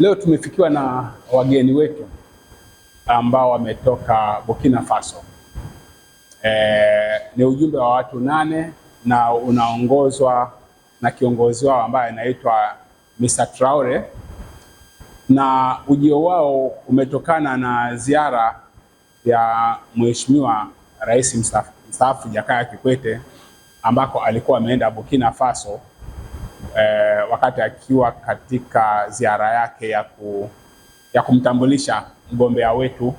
Leo tumefikiwa na wageni wetu ambao wametoka Burkina Faso. E, ni ujumbe wa watu nane na unaongozwa na kiongozi wao ambaye anaitwa Mr. Traore na ujio wao umetokana na ziara ya Mheshimiwa Rais mstaafu Jakaya Kikwete ambako alikuwa ameenda Burkina Faso eh, wakati akiwa katika ziara yake ya, ku, ya kumtambulisha mgombea wetu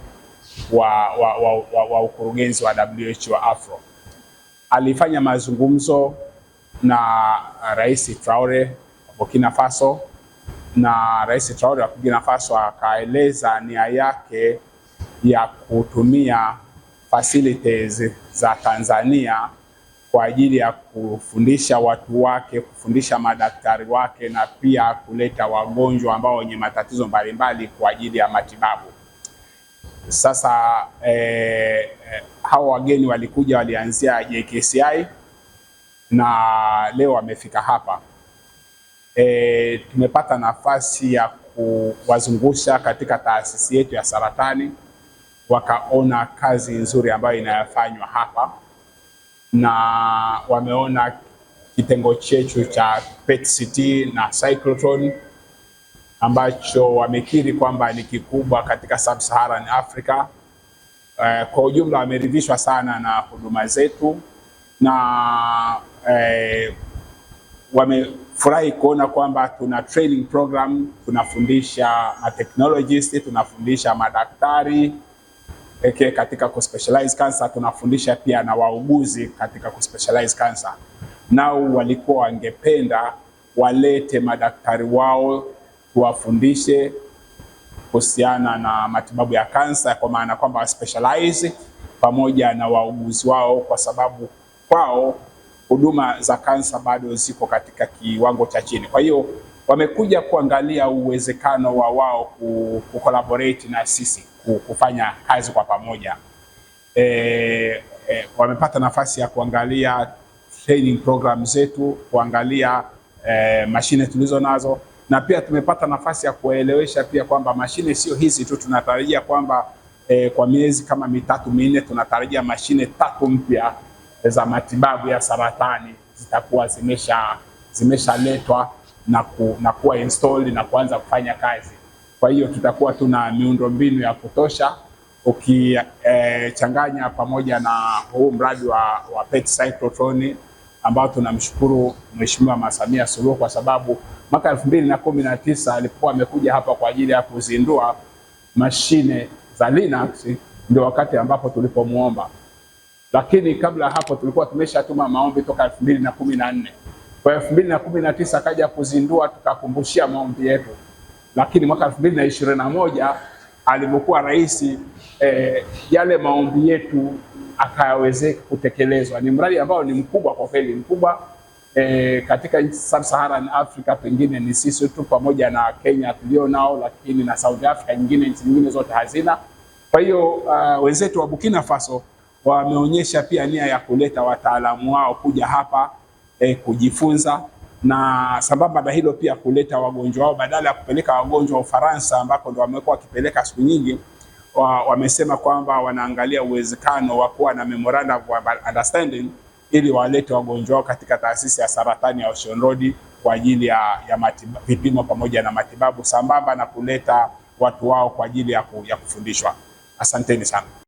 wa, wa, wa, wa, wa ukurugenzi wa WHO wa Afro alifanya mazungumzo na Rais Traore wa Burkina Faso na Rais Traore wa Burkina Faso akaeleza nia yake ya kutumia facilities za Tanzania kwa ajili ya kufundisha watu wake, kufundisha madaktari wake na pia kuleta wagonjwa ambao wenye matatizo mbalimbali kwa ajili ya matibabu. Sasa e, hao wageni walikuja walianzia JKCI na leo wamefika hapa. E, tumepata nafasi ya kuwazungusha katika taasisi yetu ya saratani, wakaona kazi nzuri ambayo inayofanywa hapa na wameona kitengo chetu cha PET-CT na cyclotron ambacho wamekiri kwamba ni kikubwa katika Sub-Saharan Africa. Eh, kwa ujumla wameridhishwa sana na huduma zetu na eh, wamefurahi kuona kwamba tuna training program, tunafundisha ma technologists, tunafundisha madaktari pekee katika kuspecialize cancer tunafundisha pia na wauguzi katika kuspecialize cancer. Nao walikuwa wangependa walete madaktari wao tuwafundishe kuhusiana na matibabu ya kansa, kwa maana kwamba specialize pamoja na wauguzi wao, kwa sababu kwao huduma za kansa bado ziko katika kiwango cha chini. Kwa hiyo wamekuja kuangalia uwezekano wa wao ku collaborate na sisi kufanya kazi kwa pamoja. E, e, wamepata nafasi ya kuangalia training program zetu, kuangalia e, mashine tulizo nazo na pia tumepata nafasi ya kuwaelewesha pia kwamba mashine sio hizi tu. Tunatarajia kwamba e, kwa miezi kama mitatu minne tunatarajia mashine tatu mpya za matibabu ya saratani zitakuwa zimesha zimeshaletwa na, ku, na kuwa installed na kuanza kufanya kazi. Kwa hiyo tutakuwa tuna miundombinu ya kutosha ukichanganya e, pamoja na huu mradi wa, wa PET cyclotron ambao tunamshukuru Mheshimiwa Mama Samia Suluhu kwa sababu mwaka elfu mbili na kumi na tisa alipokuwa amekuja hapa kwa ajili ya kuzindua mashine za Linux ndio wakati ambapo tulipomuomba, lakini kabla ya hapo tulikuwa tumeshatuma maombi toka elfu mbili na kumi na nne kwa elfu mbili na kumi na tisa akaja kuzindua tukakumbushia maombi yetu lakini mwaka 2021 alivyokuwa rais eh, yale maombi yetu akayawezeka kutekelezwa. Ni mradi ambao ni mkubwa kwa kweli, mkubwa e, katika Sub-Saharan Africa, pengine ni sisi tu pamoja na Kenya tulio nao, lakini na South Africa, nyingine nchi nyingine zote hazina. Kwa hiyo uh, wenzetu wa Burkina Faso wameonyesha pia nia ya kuleta wataalamu wao kuja hapa e, kujifunza na sambamba na hilo pia kuleta wagonjwa wao, badala ya kupeleka wagonjwa Ufaransa ambako ndo wamekuwa wakipeleka siku nyingi, wamesema wa kwamba wanaangalia uwezekano wa kuwa na memorandum of understanding ili walete wagonjwa wao katika taasisi ya saratani ya Ocean Road kwa ajili ya, ya vipimo pamoja na matibabu sambamba na kuleta watu wao kwa ajili ya, ku, ya kufundishwa. Asanteni sana.